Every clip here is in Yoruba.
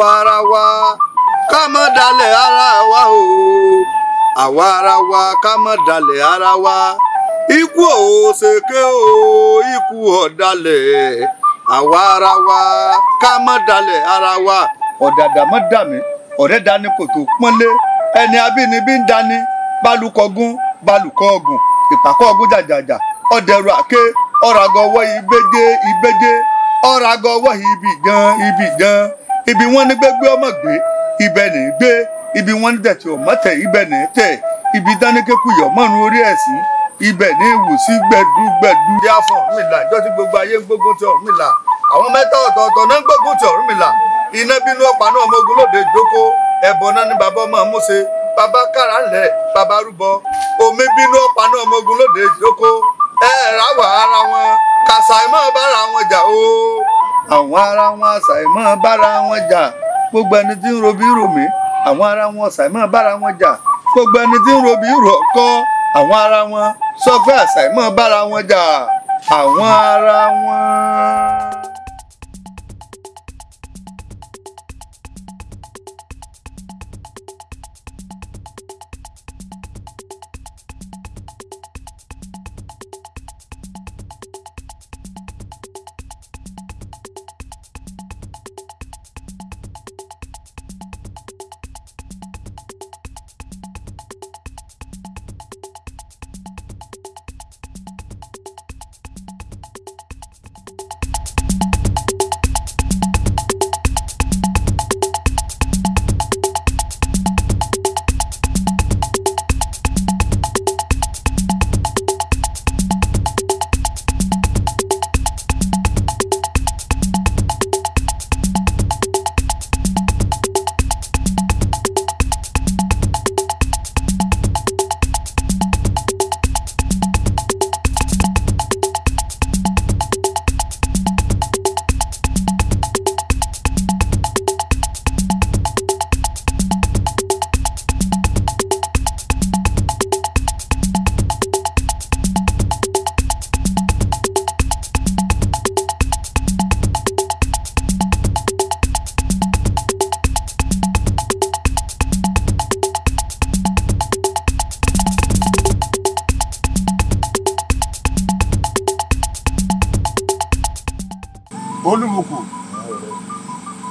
àwa ara wa ká dalẹ̀ ara wa o àwa ara wa ká dalẹ̀ ara wa ikú ò ṣèké o ikú ọ̀dàlẹ̀ àwa ara wa ká dalẹ̀ ara wa ọ̀dàdà má dà ọ̀rẹ́ dání kò pọ́nlé ẹni abínibí ń dání balùkọ̀gún balùkọ̀ọ̀gùn ìpàkọ́ ọ̀gùn jàjàjà ọ̀dẹ̀rù àké ọ̀ràgọ̀wọ́ ìgbéjé ìgbéjé ọ̀ràgọ̀wọ́ ibì gan ibì gan. ibi wọn ní gbẹgbẹ ọmọ gbé ibẹ̀ ní gbé ibi wọn ní dẹ̀tí ọmọ tẹ̀ ibẹ̀ ní tẹ̀ ibi dáníkékù yọ mọ́run orí ẹ̀ sí ibẹ̀ ní ìwò sí gbẹdúgbẹdú. ìyá fún Ọ̀rúnmìlà ìjọ tí gbogbo ayé ń gbógun ti Ọ̀rúnmìlà àwọn mẹ́ta ọ̀tọ̀ọ̀tọ̀ náà ń gbógun ti Ọ̀rúnmìlà iná bínú ọ̀pá náà ọmọ ogun lóde ìjókòó ẹ̀bọ náà ní bàbá ọmọ múṣe bàbá kára ńlẹ̀ bàbá rúbọ omi bínú ọ̀pá náà ọmọ ogun lóde ìjókòó ẹ̀ẹ́dà wà ara wọn kàṣà ìmọ̀ bára wọn jà ooo àwọn ara wọn àṣàìmọ́ bára wọn jà gbogbo ẹni tí ń robí ròmí àwọn ara wọn àṣàìmọ́ bára wọn jà gbogbo ẹni tí ń robí rò ọkọ àwọn ara wọn sọ pé àṣàìmọ́ bára wọn jà àwọn ara wọn.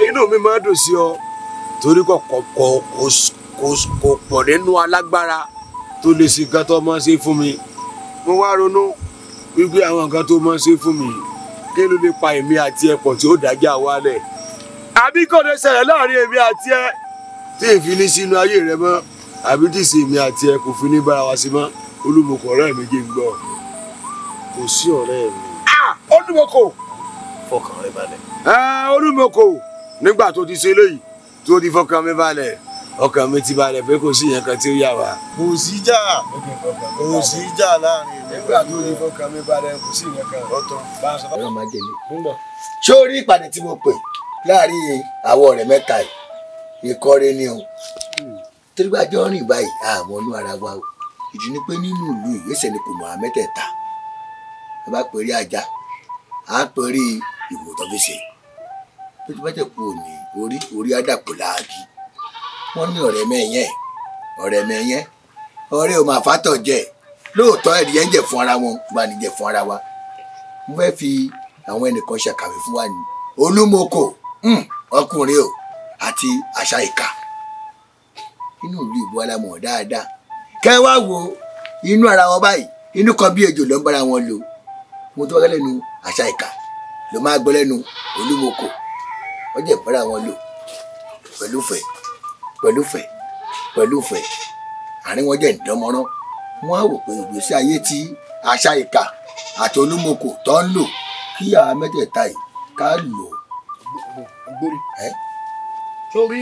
inú mi máa dùn sí ọ torí kò kò kò kò pọ̀ nínú alágbára tó lè ṣe nǹkan tó máa ṣe fún mi mo wá ronú wípé àwọn nǹkan tó máa ṣe fún mi kí ló lè pa èmi àti ẹ pọ̀ tí ó dájà wálẹ̀ àbí kò lè ṣẹlẹ̀ láàrin èmi àti ẹ tí èfi ní sínú ayé rẹ mọ́ àbí tí sì èmi àti ẹ kò fi ní bára wa sí mọ́ olùmọ̀kọ ọ̀rẹ́ mi jẹ́ gbọ́ kò sí ọ̀rẹ́ mi. Ah! olùmọ̀kọ. fọkàn rẹ balẹ̀. Ah! olùmọ̀kọ nígbà tó ti ṣe léyìí tó ti fọkàn mi balẹ̀ ọkàn mi ti balẹ̀ pé kò sí yẹn kan tí ó yà wá. kò sí jà kò sí jà láàrin nígbà tó ti fọkàn mi balẹ̀ kò sí yẹn kan ọ̀tọ̀ bá a sọ. o rí ìpàdé tí mo yìí ìkọ́rẹ́ ni o tírígbàjọ́ rìn báyìí àmọ́ inú ara wa o ìdí ni pé nínú ìlú ìgbésẹ̀ ni kò mọ̀ àmẹ́tẹ̀ẹ̀ta ẹ bá pèrè ajá à pèrè ìwòtọ́fíìsì ó ti bẹ́tẹ̀ kú òní orí orí àdàpọ̀ láàgì wọ́n ní ọ̀rẹ́ mẹ́yẹn ọ̀rẹ́ mẹ́yẹn ọ̀rẹ́ o máa fàtọ̀ jẹ lóòótọ́ ẹ̀rí ẹ̀ ń jẹ fún ara wọn bá ní jẹ fún ara wa mo fẹ́ fi àwọn ẹnìkan ṣàkàwé fún wa ní olúmọkò ọkùnrin o àti àṣà ìka inú ìlú ìbú alámọ̀ dáadáa kẹ́ wá wo inú ara wọn báyìí inú kan bí ejò ló ń bára wọn lò mo tó lẹ́nu àṣà ìka ló máa gbọ́ lẹ́nu olúmọkò wọ́n jẹ́ ìbára wọn lò pẹ̀lú fẹ̀ pẹ̀lú àárín wọn jẹ́ ìdánmọ́rán wọ́n á wò pé ìgbésí ayé tí àṣà ìkà àti olúmọkò tó ń lò kí àwọn mẹ́tẹ̀ẹ̀ta yìí ká lò. gbórí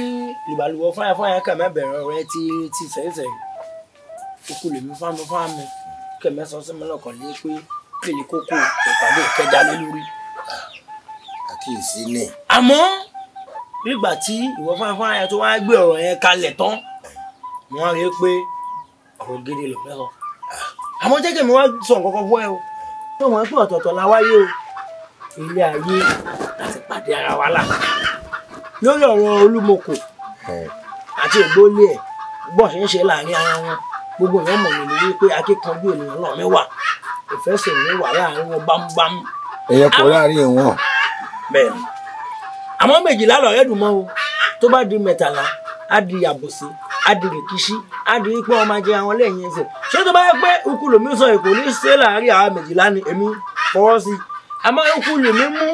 ìbàlùwọ̀ fáyàfáyà kà bẹ̀rẹ̀ ọ̀rẹ́ ti ti sẹ́yìnsẹ́yìn kókó lèmi fámi fámi kẹ̀mẹ́sán sí mi lọ́kàn lé pé kí ni kókó ìpàdé ìkẹjà lórí ṣàkíyèsí ni. àmọ́ nígbà tí ìwọ fáfáfá yẹn tó wá gbé ọ̀rọ̀ yẹn kalẹ̀ tán mo wá rí i pé ọ̀rọ̀ gidi ló fẹ́ sọ. àmọ́ jẹ́ kí mi wá sọ nǹkan fún ẹ o ṣé wọ́n pè ọ̀tọ̀ọ̀tọ̀ la wáyé o ilé ayé láti pàdé ara wa là lórí ọ̀rọ̀ olúmọkò àti ìgbóni ẹ̀ bọ́ọ̀ ṣe ń ṣe láàrin ara wọn gbogbo èèyàn mọ̀ nínú wípé akíkanjú ènìyàn náà mi wà ìfẹ́ mi wà láàrin wọn bámúbámú. èèyàn kò láàrin wọn bẹ́ẹ̀ ni àmọ́ méjìlá lọ̀rẹ́ dùn mọ́ o tó bá di mẹ́tàlá á di àbòsí á di rìkíṣí á di pé ọmọ ajé àwọn lẹ́yìn ẹsẹ̀ ṣé tó bá yẹ pé ikú lòmí sọ èkó ní ṣe láàárín àwọn méjìlá ni èmi fọwọ́ sí i àmọ́ ikú lèmi mú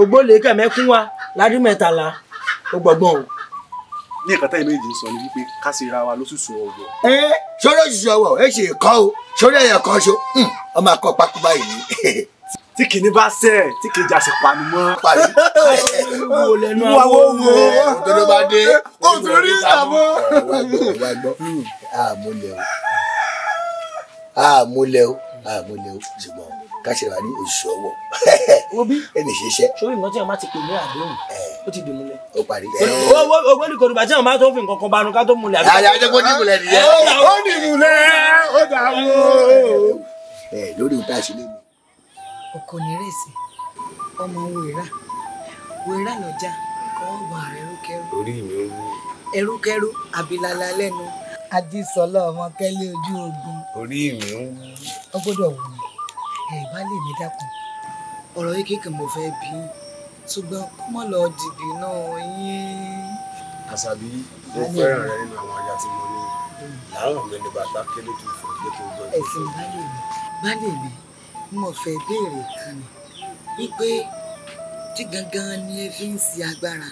ògbólèkẹ́ mẹ́kún wa ládùn mẹ́tàlá ó gbọ̀gbọ́n o. ní ẹ̀ka táyì méjì ń sọ ni wípé ká ṣe ra wa lóṣooṣù ọwọ́. ẹ ṣọlá òṣìṣẹ́ ọwọ́ ẹ ṣe é kọ́ o ṣọlá ẹ̀yà kan ṣo hmm, ọmọ akọ pákó báyìí. tí kìíní bá sẹ̀ tí kìíní jà sí pani mọ́. wo lẹnu àwọn wo òdodo bá dé òdodo rí ìtàmọ́. wà á gbọ́ àmúlẹ̀ o àmúlẹ̀ o àmúlẹ̀ o ṣùgbọ́n káṣíra ní oṣù ọwọ́ ẹnì ṣiṣẹ́. sórí nǹkan tí wọn bá ti pè ní àdéhùn ó ti dìmú lẹ. ó parí lẹ. owó owó ní kòtùbà tí wọn bá tó fi nǹkan kan banu ká tó múlẹ̀. àyà ọjọ́ kó dìmú lẹ nìyẹn. ó dìmú lẹ ó dààmú. lórí ìta ìṣẹ̀lẹ̀ ọkọ nírèsì ọmọ wèrà wèrà lọ́jà kọ́ ọ̀gbọ̀n ààrẹ rúkẹ́rú. orí mi ò wú. ẹrúkẹ́rú àbílálà lẹ́nu àdìsọ́lá ọmọ kẹ́lẹ́ ojú ogun. orí mi ń wú. wọ́n gbọ́dọ̀ wù mí ẹ̀ bá lè mí dákun. ọ̀rọ̀ yìí kékeré mo fẹ́ bí ṣùgbọ́n kó mọ̀ lọ dìbì náà yín. àṣàbí mo fẹ́ràn rẹ nínú àwọn ajá tí mo ní láwọn mi ní bàtà kélé tó fún mi lẹ́kọ̀ọ́ gbọ́dọ̀. ẹ̀sìn bá lè mi bá lè mi mo fẹ́ béèrè kan ni wípé kí gangan ni ẹ fi ń ṣe agbára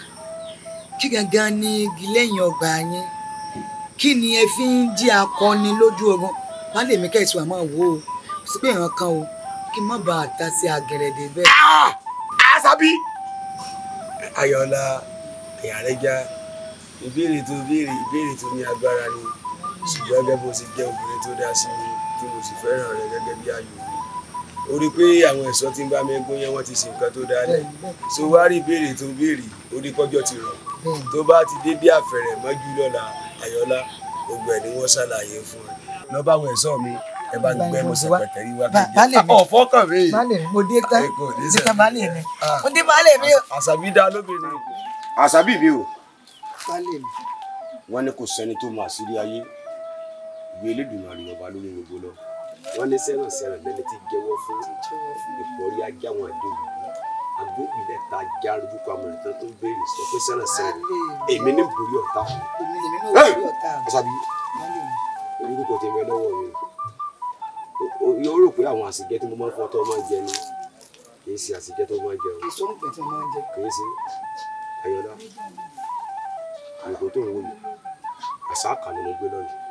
kí gangan ni igi lẹ́yìn ọgbà yín kí ni ẹ fi ń jí akọni lójú ogun wọn lè mí kẹsùn àmọ́ wò ó sí pé ìran kan o kí n má bàa ta sí agẹrẹdẹ bẹ́ẹ̀. Ah! àṣàbí. ayọ̀lá ìyàrẹ́jà ìbéèrè tó béèrè ìbéèrè tó ní agbára ni ṣùgbọ́n gẹ́gẹ́ bó ṣe jẹ́ obìnrin tó dá sí mi tí mo sì fẹ́ràn rẹ̀ gẹ́gẹ́ bí ayò o rí i pé àwọn ẹ̀ṣọ́ tí ń bá mẹ́gún yẹn wọ́n ti ṣe nǹkan tó dáa lẹ̀ so wá rí ìbéèrè tó béèrè orí kọjọ́ ti rọ̀ tó bá ti dé bí àfẹ̀rẹ̀ mọ́jú lọ́la àyọ́lá gbogbo ẹ̀ ni wọ́n ṣàlàyé fún ẹ lọ bá àwọn ẹ̀ṣọ́ mi ẹ bá gbẹ mo sì pẹ̀tẹ́rì wá kéde ah, ọ̀fọ́ kàn mí. baálé mi mo dé tán ah, mo dé baálé mi mo dé baálé mi. àṣàbí dá lóbìnrin. àṣàbí mi o. baálé ní kò sẹ́ni tó máa sírí ayé ìwé elédùnmọ̀ àríyànbá lórí gbogbo lọ wọ́n ní sẹ́ràn sẹ́ràn lẹ́ni tí jẹ́wọ́ fún ìpọ̀rí ajá wọn àdéhùn agbóhùn ilẹ̀ ta ajá arúgbó amọ̀ràn tán tó ń béèrè sọ pé sẹ́ràn sẹ́ràn èmi ní borí ọ̀tá ọ̀sàbí orúkọ tèmi lọ́wọ́ mi yóò rò pé àwọn àsìjẹ́ tí mo máa ń fọ́ tó máa ń jẹ ni kì í ṣe àsìjẹ́ tó máa ń jẹ o kì í ṣe ayọ̀dá àyùkò tó ń wò yìí àṣà kan ni mo gbé lọ́yìn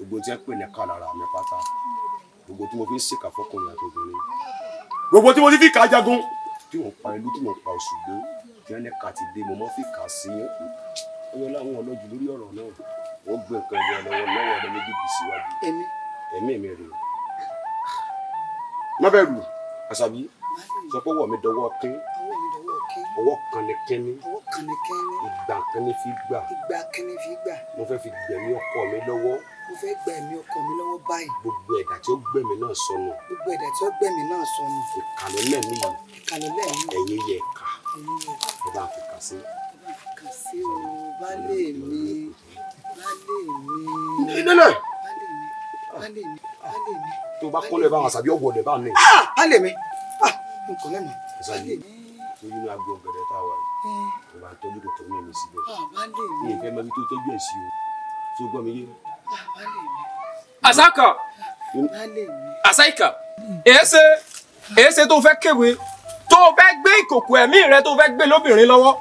gbogbo tí ẹ pè ní ká lára mi pátá gbogbo tí mo fi ń ṣèkà fọkùnrin àti obìnrin gbogbo tí mo ti fi kà á jagun tí mo pa ìlú tí mo pa Òṣùgbó tí wọn ní ká ti dé mo mọ fi kà á sí yẹn ó yọ láwọn ọlọ́jú lórí ọ̀rọ̀ náà wọ́n gbé nǹkan ẹ̀jẹ̀ lọ́wọ́ lọ́wọ́ ọ̀dọ́ méjèèjì síwájú ẹ̀mí mi rèé má bẹ̀rù Àṣàbí sọ pé ọwọ́ mi dọwọ́ kín ọwọ́ kan ní kín ní kan ní kẹ́ni. ìgbà kan ní fi gbà. ìgbà kan ní fi gbà. mo fẹ́ fi gbẹ̀mí ọkọ mi lọ́wọ́. mo fẹ́ gba ẹ̀mí ọkọ mi lọ́wọ́ báyìí. gbogbo ẹ̀dá tí ó gbẹ̀mí náà sọnù. gbogbo ẹ̀dá tí ó gbẹ̀mí náà sọnù. ìkàlẹ̀ lẹ́mí yìí. lẹ́mí. ẹ̀yẹ yẹ ẹ̀ka. ẹ bá fi ẹ bá o baálé mi baálé mi. nílẹ̀. baálé mi baálé mi baálé mi. tó o bá kọ́lẹ̀ bá wọn sàbí ọ̀gbọ̀n lẹ̀ bá wọn ní. Ah! baálé mi ah n kọ́lẹ̀ mọ́. baálé mi. torí inú agbóhùn gẹ̀dẹ̀ tá a wà yìí o, bá tọ́jú kò tọ́jú mi síbẹ̀ mi ò fẹ́ mọ ibi tó tọ́jú ẹ̀ sí o tó gbọ́ mi yé. àsákà àsáìkà èéṣe èéṣe tó fẹ́ kéwe tó fẹ́ gbé ìkòkò ẹ̀mí rẹ tó fẹ́ gbé lóbìnrin lọ́wọ́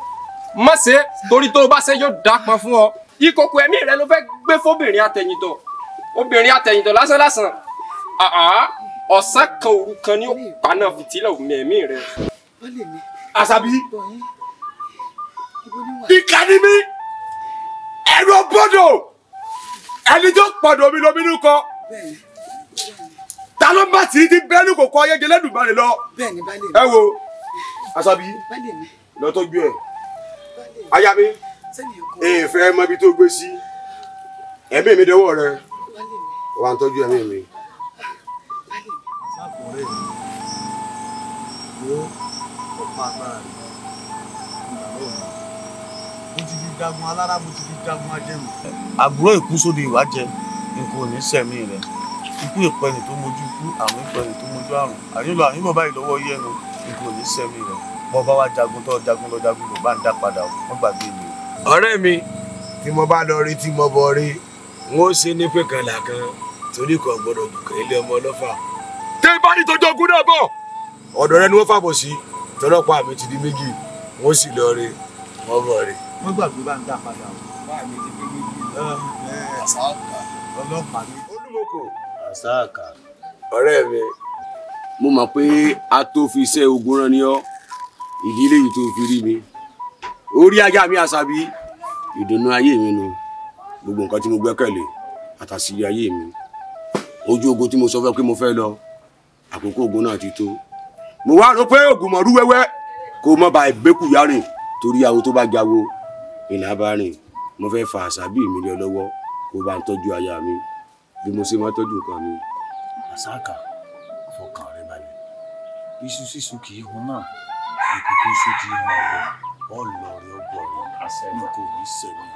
má ṣe torí tó bá ṣe yóò dápọn fún ọ ìkòkò ẹ̀mí rẹ ló fẹ́ gbé fóbìnrin àtẹ̀yìntọ̀ obìnrin àtẹ̀yìntọ̀ lásán lásán ọ̀sán kan òru kan ní ó paná fìtílà òmìnir rẹ. àṣàbí ìkà ni mí ẹ̀rọ bọ́dọ̀ ẹni tó pọ̀dọ̀ mi lómi nìkọ ta ló ń bá tì í ti bẹ́ẹ̀lì kò kọ́ ayége lẹ́dùnmọ́rin lọ ẹ wo Àṣàbí lọ tó gbé ẹ aya mi èèfẹ́ mọ ibi tó gbé sí ẹ̀mí mi dẹwọ́ rẹ wà ń tọ́jú ẹ̀mí mi. Ọ̀pá agbára rẹ̀ mo ti fi jagun alára mo ti fi jagun ajẹmu. àgùrọ̀ ìkú sóde ìwájẹ nǹkan ò ní sẹ̀mí rẹ̀ ikú ìpẹ̀yìn tó mojú ikú àrùn ìpẹ̀yìn tó mojú àrùn àyínlọ àyínbọ̀ báyìí lọ́wọ́ yẹnu nǹkan ò ní sẹ̀mí rẹ̀ mo bá wá jagun tó jagun lọ jagun lọ bá ń dá padà wọ́n gbàgbé mi. ọ̀rẹ́ mi tí mo bá lọ rí tí mo bọ̀ rí n ó ṣe ní pé kan làkan torí kan gbọdọ̀ dùkẹ́ ilé ọmọ ọlọ́fà. tẹ́ bá ní tọjọ́ ogun náà bọ̀. ọ̀dọ̀ rẹ ni wọ́n fàbọ̀ sí tọ́lọ́pàá mi ti di méjì wọ́n sì lọ rí wọ́n bọ̀ rí wọ́n gbàgbé bá ń dá padà o. báàmì ti pé méjì. àsáàkà. ọlọ́pàá mi. olúmọkò. àsáàkà. ọ̀rẹ́ mi. mo mọ̀ pé a tó fi iṣẹ́ ogun rán ni ọ́ ìdílé yìí tó fi rí mi orí ajá mi àṣàbí ìdùnnú ayé mi nu gbogbo nǹkan tí mo gbẹ́kẹ̀lé àtàṣírí ayé mi ojú ogun tí mo sọ fẹ́ pé mo fẹ́ lọ àkókò ogun náà ti tó mo wá rò pé ogun mọ̀rú wẹ́wẹ́ kó mọ̀ bá ẹ̀gbẹ́kù yárìn torí àwọn tó bá jáwó ìlà bá rìn mo fẹ́ fa àṣàbí mi lọ lọ́wọ́ kó bá ń tọ́jú aya mi bí mo ṣe máa tọ́jú nǹkan mi. àṣàkà fọkàn rẹ balẹ̀ iṣu ṣíṣu kì í hun náà ìkókó iṣu kì í hun ọ̀rọ̀ ọlọ́ọ̀rẹ́ ọgbọ̀rọ̀ ní kò ní sẹ́yìn.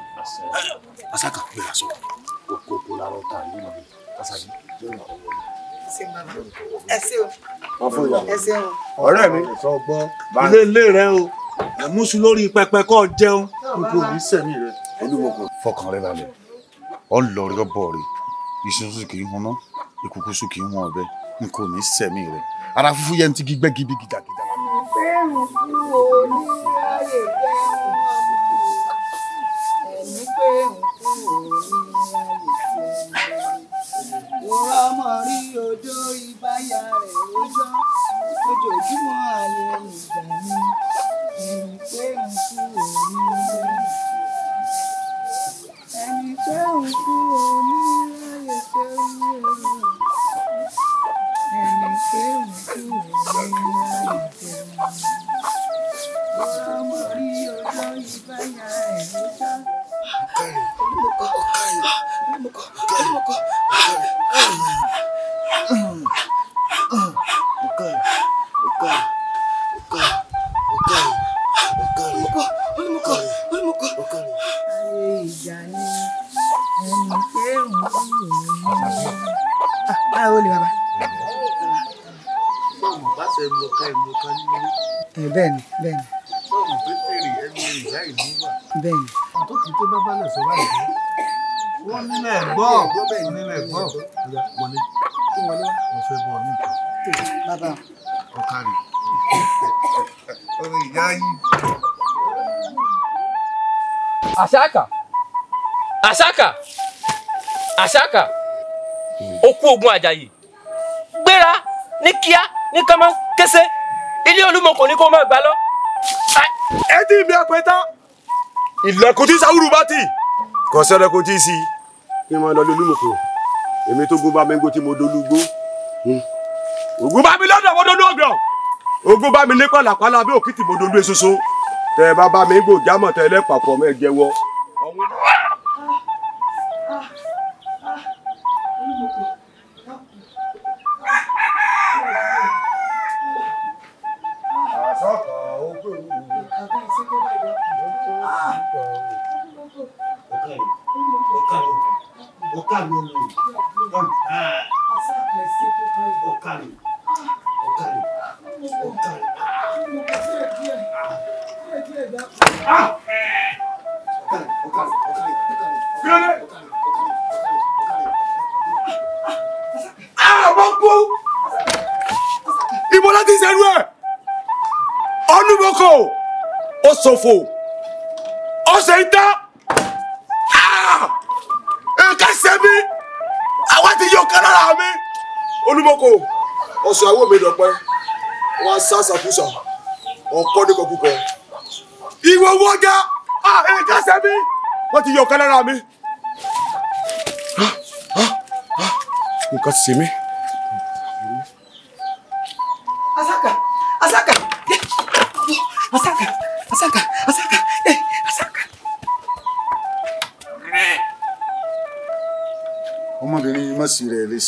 àṣàkà bẹ̀rẹ̀ aṣọ kòkó lárọ́ ta yìí mọ̀ mi àṣàbí yóò máa wọlé. ẹ ṣe o ẹ ilé ilé rẹ o ẹ̀ mú sùn lórí pẹpẹ kọ́ jẹun kótó òní sẹ̀mí rẹ. olúmọkọ fọkàn rẹ balẹ̀ rẹ ìṣúnṣù kì í hunná ìkùkùsù kì í hun ọbẹ n kò ní sẹ̀mí rẹ ara fúfú yẹn ti gbígbẹ́ gidi gidagida. bẹ́ẹ̀rù ojoojúmọ́ ààyè ìgbà mi ẹ̀mí bẹ́ẹ̀rù kú. ìlú wà. bẹ́ẹ̀ni. tó kì í tó bá balẹ̀ sọ báyìí. wọ́n nílẹ̀ gbọ́ nílẹ̀ gbọ́ wọlé mo fẹ́ bọ̀ ní ìta. ọ̀kàrì orin ìyá yìí. àṣàkà àṣàkà àṣàkà okú ogun àjàyè gbéra ní kíá ní kánmá kése ilé olúmọ kò ní kó má gbà lọ. ẹ ti bí ọpẹ tán ilẹ̀kùn tí sáwùrù bá tì kò sẹ́rẹ̀ kò tí ì sí kí n máa lọ lólùmọ̀kọ èmi tó gún bá mi ń gbó tí mo dolúgbó hmm. ògùn bá mi lọ́dọ̀ mo dolú ọ̀gbọ̀n ògùn bá mi ní pàlàpàlà bí òkìtì mo dolú esoso tẹ bá bá mi gbò jámọ̀ tẹ lẹ́pàpọ̀ mẹ́jẹwọ́ ọ̀hún ṣòfò ọ̀sẹ̀ ń tán ah! nǹkan ṣe mí àwa ti yọ kan lára mi. olúmọkò ọ̀sùn àwọn mi dọ̀pẹ́ wọn sá sàkúsà ọ̀kọ́ ní kọkúkọ. ìwọ wọ́gá ah, nǹkan ṣe mí wọ́n ti yọ kan lára mi. Ah, nǹkan ṣe mí.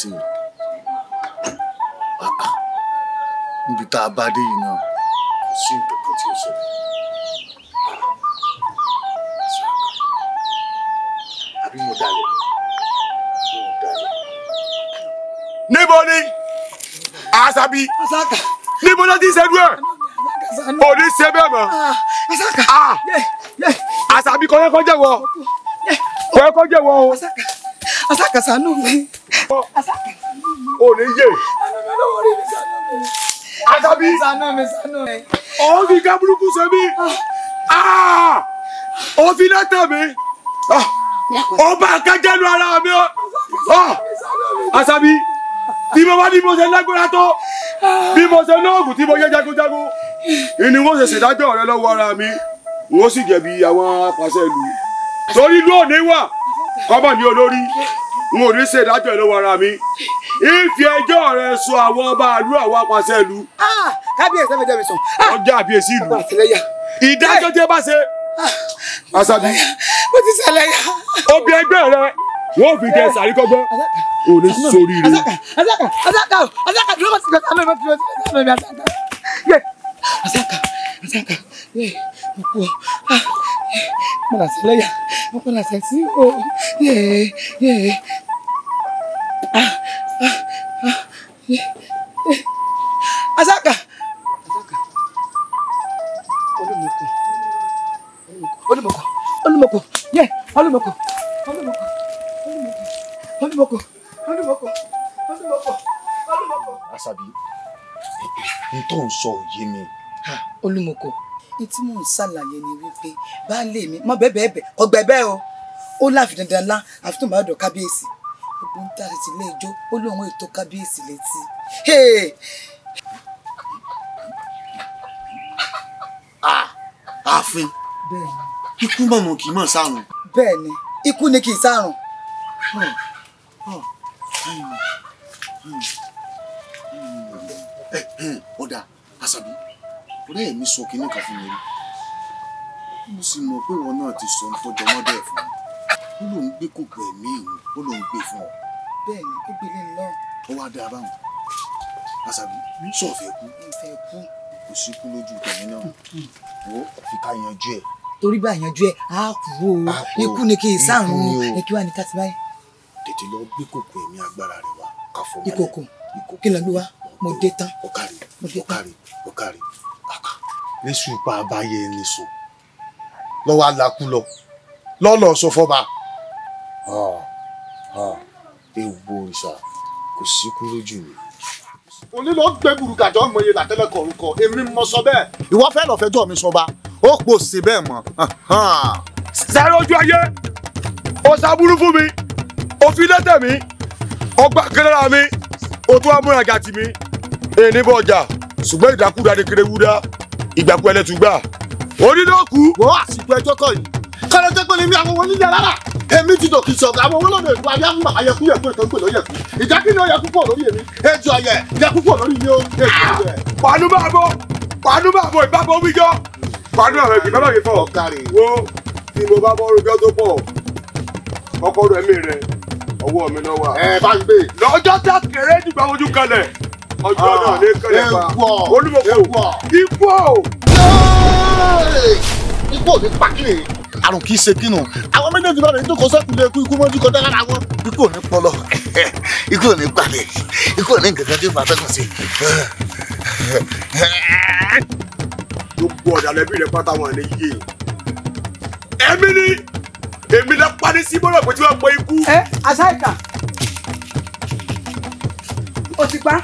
sí mi níbi tá a bá dé yìí náà kò sí nǹkan kan tí ó sọ. àbí mo dalẹ̀ mo dalẹ̀. níbo ni àṣàbí níbo ló ti ṣẹ́dú ẹ̀ òní ṣe bẹ́ẹ̀ mọ́ ah, ah. àṣàbí kọ́yẹ́kọ́ jẹ́wọ́ kọ́yẹ́kọ́ jẹ́wọ́ o. àṣàkàṣà nù o ní Asabi. Àtàbí. Òun fi ká burúkú ṣe mí. Òun ah! fi lẹ́tọ̀ mi. Ah! Ọba àkájẹ́nu ara mi. Ah! Àṣàbí tí mo bá ní mo ṣe lágbára tó bí mo ṣe lóògùn tí mo jẹ́ jagunjagun ìní wọ́n ṣe ṣèdájọ́ ọ̀rẹ́ lọ́wọ́ ara mi wọ́n sì jẹ̀bi àwọn apàṣẹ ìlú torí lóòní wà kọ́mọ̀ n ò ní ṣe ìdájọ́ ìlú wara mi ìfi ẹjọ́ rẹ sọ àwọn ọba àlú àwọn apàṣẹ ìlú. Ah, kábíyèsí ẹ fẹ́ jẹ́ mi sùn. Ah, ọjọ́ àbíyèsí ìlú ìdájọ́ tí ẹ bá ṣe. Ah, Àṣàbí mo ti ṣẹlẹ̀ yá. obì ẹgbẹ́ rẹ wọ́n fi kẹ́ sàrí kọ́gbọ́n ò ní sórí rẹ. Asaka Asaka Asaka dúró kọ́ sí kọ́ta lóyún bá ti lọ Asaka Asaka Asaka yẹ mo kú ọ yá mo kọ́ sí o yẹ yẹ Ah, ah, ah, asaka asaka olùmọ̀kọ̀ olùmọ̀kọ̀ olùmọ̀kọ̀ yẹ olùmọ̀kọ̀ olùmọ̀kọ̀ olùmọ̀kọ̀ olùmọ̀kọ̀ olùmọ̀kọ̀ olùmọ̀kọ̀. Àṣàbí n tó ń sọ òye mi. olùmọ̀kọ̀ n tí mò ń ṣàlàyé ni wípé baálé mi mọ bẹ́ẹ̀ bẹ́ẹ̀ bẹ́ẹ̀ ọgbẹ́ bẹ́ẹ̀ o ó láfi dandan lá àfi tó ń do dọ̀ kábíyèsí gbogbo ń tàrí tilé ìjó ó lóun ètò kábíyèsí létí. Ah, ààfin ikú mọ̀mọ́ kì í mọ̀ sárùn. bẹ́ẹ̀ni ikú ni kì í sárùn. ọ̀dà hmm, hmm, hmm, eh, eh, àṣàbí ọ̀rẹ́ mi sọ kinní kan fún mi rí mo sì mọ̀ pé ìwọ náà ti sọ ń tọ́jọ́ mọ́dẹ̀ fún mi ó lóun gbé kòkò ẹ̀mí òun ó lóun gbé fún ọ. bẹ́ẹ̀ni ó gbélé ń lọ. ó wá dáa báwọn àṣàbí sọ fẹ́ kú. ìfẹ́ kú. kò sí kú lójú tèmi náà wo fi ká yanjú ẹ. torí bá yanjú ẹ á kú o ikú ni kì í sàrùn o kí wàá ní káàtì báyìí. tètè lọ gbé kòkò ẹ̀mí agbára rẹ wá ká fọ mọ́lẹ̀. ìkòkò kí ló gbé wá mo dé tán. ọkàrí ọkàrí ọkàrí kàkà lẹ́sùn ipa abáyé ẹni sùn lọ́wọ́ alákú lọ lọ́lọ́ sọ fọ́ba ewu òrìṣà kò síkú lójú mi. òní ló ń gbé burúkàjọ mọye làtẹlẹkọ orúkọ èmi mọ sọ bẹ́ẹ̀ ìwọ fẹẹ lọ fẹjọ́ mi sọba ó pò sí bẹ́ẹ̀ mọ́. sáré ojú ayé ó sábúrú fún mi ó fi lẹ́tẹ̀ mi ó gbà kẹlẹ́ra mi ó tún amúra gàtì mi èyí bọ̀ ọjà ṣùgbọ́n ìdákúdá ni kerewúdá ìgbàkú ẹlẹ́tùgbà onídọ́kù. wọ́n àsìkò ẹjọ́ kọ́ yìí kọ́lẹ́jọ́ pé ní mi àwọn onílẹ̀ rárá èmi ti dòkì sọ̀gá àwọn olóòdò ìlú ayé ń gbà ayẹkú yẹ̀kú ètò ìpè lóyẹ̀kú ìjà kí ni ó yẹkú pọ̀ lórí èmi ejò ọ̀yẹ̀ yẹkú pọ̀ lórí ilé ó ejò ọ̀yẹ̀. pàánù bá bọ pàánù bá bọ ìbá bọ wíjọ pàánù àwọn ìgbà bá mi fọ wo tí mo bá bọ́ rúbíọ́ tó pọ̀ ọkọ rẹ̀ mi rẹ̀ ọwọ́ mi náà wà. ẹ bá ń gbé. lọ́jọ́ tá kéré nígbà ojú kalẹ̀ ọjọ́ ah, náà ní kalẹ̀ pa olúmọ̀kọ ikú ọ̀. ikú ò ní pàkínì àrùn kì í ṣe kínú àwọn méjèèjì bá rẹ̀ ní tòkọ́ sẹ́kùnlé ikú ikú mọ́jú kọjá lára wọn ikú ò ní pọlọ ikú ò ní gbalẹ̀ ikú ò ní nǹkan tí ó máa sí. gbogbo ọ̀dàlẹ̀ bí rẹ̀ pátá wọn ní yé èmi ni èmi lọ parí sí bọ́lá pé tí wọ́n pọ ikú. ẹ aṣáìkà o ti pa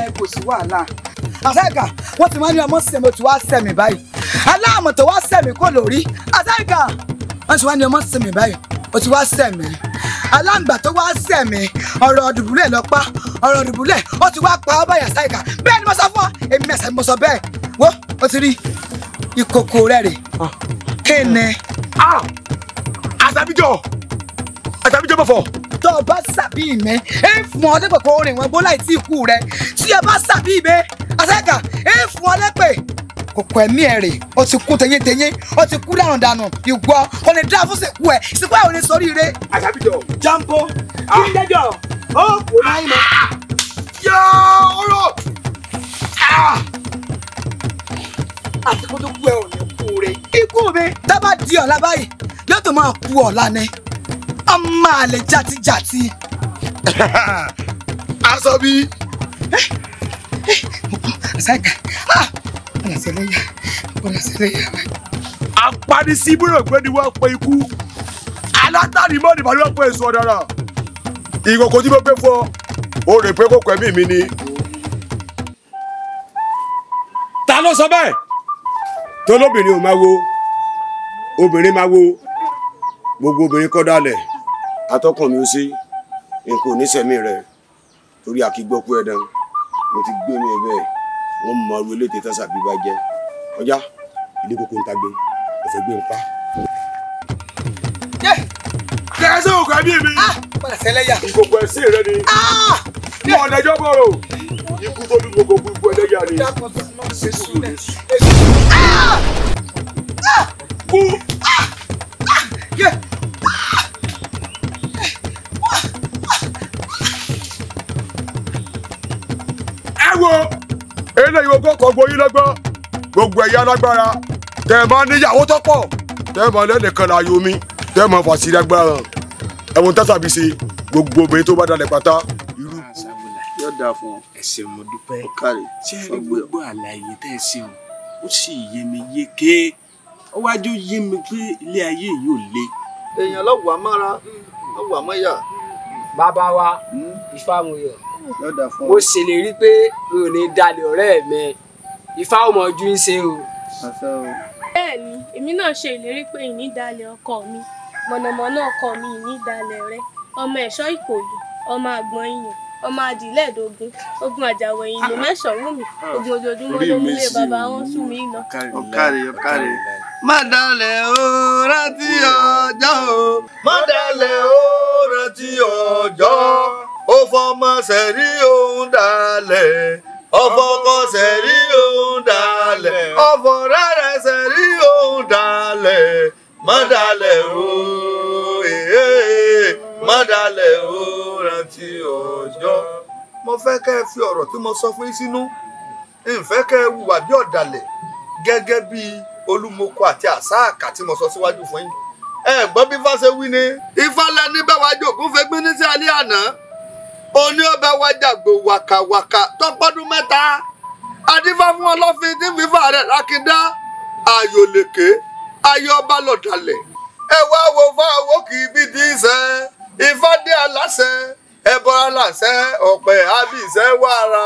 ẹ kò sí wàhálà aṣáìkà wọ́n ti máa ń ní ọmọ sẹ̀mọ̀tì wá sẹ̀mì báyìí aláàmọ̀ tó wá sẹ̀mí kò lórí àtàkà wọ́n ti wá ní ọmọ sẹ̀mí báyìí ó ti wá sẹ̀mí aláǹgbà tó wá sẹ̀mí ọ̀rọ̀ dùbúlẹ̀ lọ́pá ọ̀rọ̀ dùbúlẹ̀ ó ti wá pa ọ́ báyà sáìkà bẹ́ẹ̀ ni mo sọ fún ọ èmi ẹ̀sẹ̀ mo sọ bẹ́ẹ̀ wo ó ti rí ìkòkò rẹ̀ rè ah. kí ni. Ah! àtàbíjọ àtàbíjọ bọ̀fọ̀. tó o bá sàbí mi ẹ ń fún ọ dípò kó o rìn wọn gbó láì tí ì kú rẹ tí o bá sàbí mi àsáìkà ẹ f òkò ẹ̀mí ẹ̀ rè ó ti kú tẹyẹntẹyẹ ó ti kú dànù dànù ìgbọ ah. ó ní dáa fún sìnkú ẹ̀ sìnkú ẹ̀ ò ní sọrí ire. àṣàbíjọ jambo kí n dẹjọ ó kò náà yín mọ. yọ ọ̀rọ̀ ah. àsìkò tó kú ẹ ò ní kú re. ikú mi dábàá di ọ̀la báyìí yóò tó máa kú ọ̀la ni ọmọ àlè jàtijàti. aṣọ bíi. sẹ́ǹkà. Eh, eh, eh, padà sẹ́lẹ̀ yá padà sẹ́lẹ̀ yá. apanisi búrò gbé ni wọ́n pe ikú alátàrí mọ́ni bá ní wọ́n pe èso ọ̀daràn ìkòkò tí mo gbé fún ọ ó rè pé kókò ẹ̀mí mi ni. ta ló sọ bẹ́ẹ̀ tọ́lọ́bìnrin ò máa wo obìnrin máa wo gbogbo obìnrin kọ́ dalẹ̀ atọ́kùn mi ó sí nǹkan ò ní sẹ́mi rẹ̀ torí àkígbọ́kú ẹ̀dán mo ti gbé mi bẹ́ẹ̀ wọn mọ ọrú eléte tẹsà bí bá jẹ ọjà ilé kókó ń tagbé ọfẹ gbé ń pa. kẹsàn án kàbí mi. Ah! pàṣẹlẹyà. gbogbo ẹsìn rẹ ni. wọn ah! ọ̀dẹjọ́ bọ̀rọ̀ ikú tó ní gbogbo gbogbo ẹlẹ́yà ni. Ah! kú. eléyìí ogún ọkọ̀ gboyún lọ́gbọ́n gbogbo ẹ̀yà alágbára tẹ̀ máa níyàwó tó pọ̀ tẹ̀ máa lẹ́nìkan láàyò mi tẹ̀ máa fà sí lágbára ẹ̀wọ̀n tásàbí ṣe gbogbo obìnrin tó bá dalẹ̀ pátá yóò dáa fún ọ. mo dúpẹ́ ṣé ẹ gbogbo àlàyé tẹ́ ẹ ṣe ó sì yé mi yéké ó wájú yé mi pé ilé ayé yìí ò le. èèyàn lọ́wọ́ àmọ́ra lọ́wọ́ àmọ́yà. bàbá wa ìfàmùyọ̀. Hmm? mo ṣèlérí pé mi ò ní dalẹ̀ ọ̀rẹ́ mi ìfá ò mọ ojú ń ṣe o. bẹ́ẹ̀ni èmi náà ṣe ìlérí pé ìní ọkọ mi mọ̀nàmọ́ná ọkọ mi ìní rẹ ọmọ ẹ̀ṣọ́ ìkòyí ọmọ àgbọn iyàn ọmọ adìlẹ̀ ogun àjàwọ̀ ẹ̀yìn lè mẹ́sàn-án mi ogun ojoojúmọ́ ló nílé bàbá wọn sùn mí lọ. ọ̀kàrẹ̀ ọ̀kàrẹ̀ má dalẹ̀ o rántí ọjọ́ o má dalẹ̀ o rántí ọjọ́ ó fọmọṣẹ rí òun dalẹ̀ ọfọkọṣẹ rí òun dalẹ̀ ọfọrẹrẹṣẹ rí òun dalẹ̀ mọdalẹ̀ o mọdalẹ̀ o rántí ọjọ́. mo fẹ́ kẹ́ ẹ fi ọ̀rọ̀ tí mo sọ fún yín sínú ìfẹ́ kẹ́ ẹ wùwà bí ọ̀dàlẹ̀ gẹ́gẹ́ bí olúmọkọ àti àsáàkà tí mo sọ síwájú fún yín ẹ gbọ́ bí fáṣẹ wí ni ifá lẹni bẹ́ẹ̀ wájú òkú fẹ́ gbé ní sí alẹ́ àná oní ọbẹ̀ wájàgbé wàkàwàkà tọ́pọ́dún mẹ́ta adífá fún ọlọ́fin tí fífa rẹ̀ lákindá ayò lèké ayò ọba lọ̀dàlẹ̀ ẹ wá wo fáwọ́ kì í bí di sẹ́ ifá aláṣẹ ẹbọ aláṣẹ ọ̀pẹ̀ àbíṣẹ́ wàrà.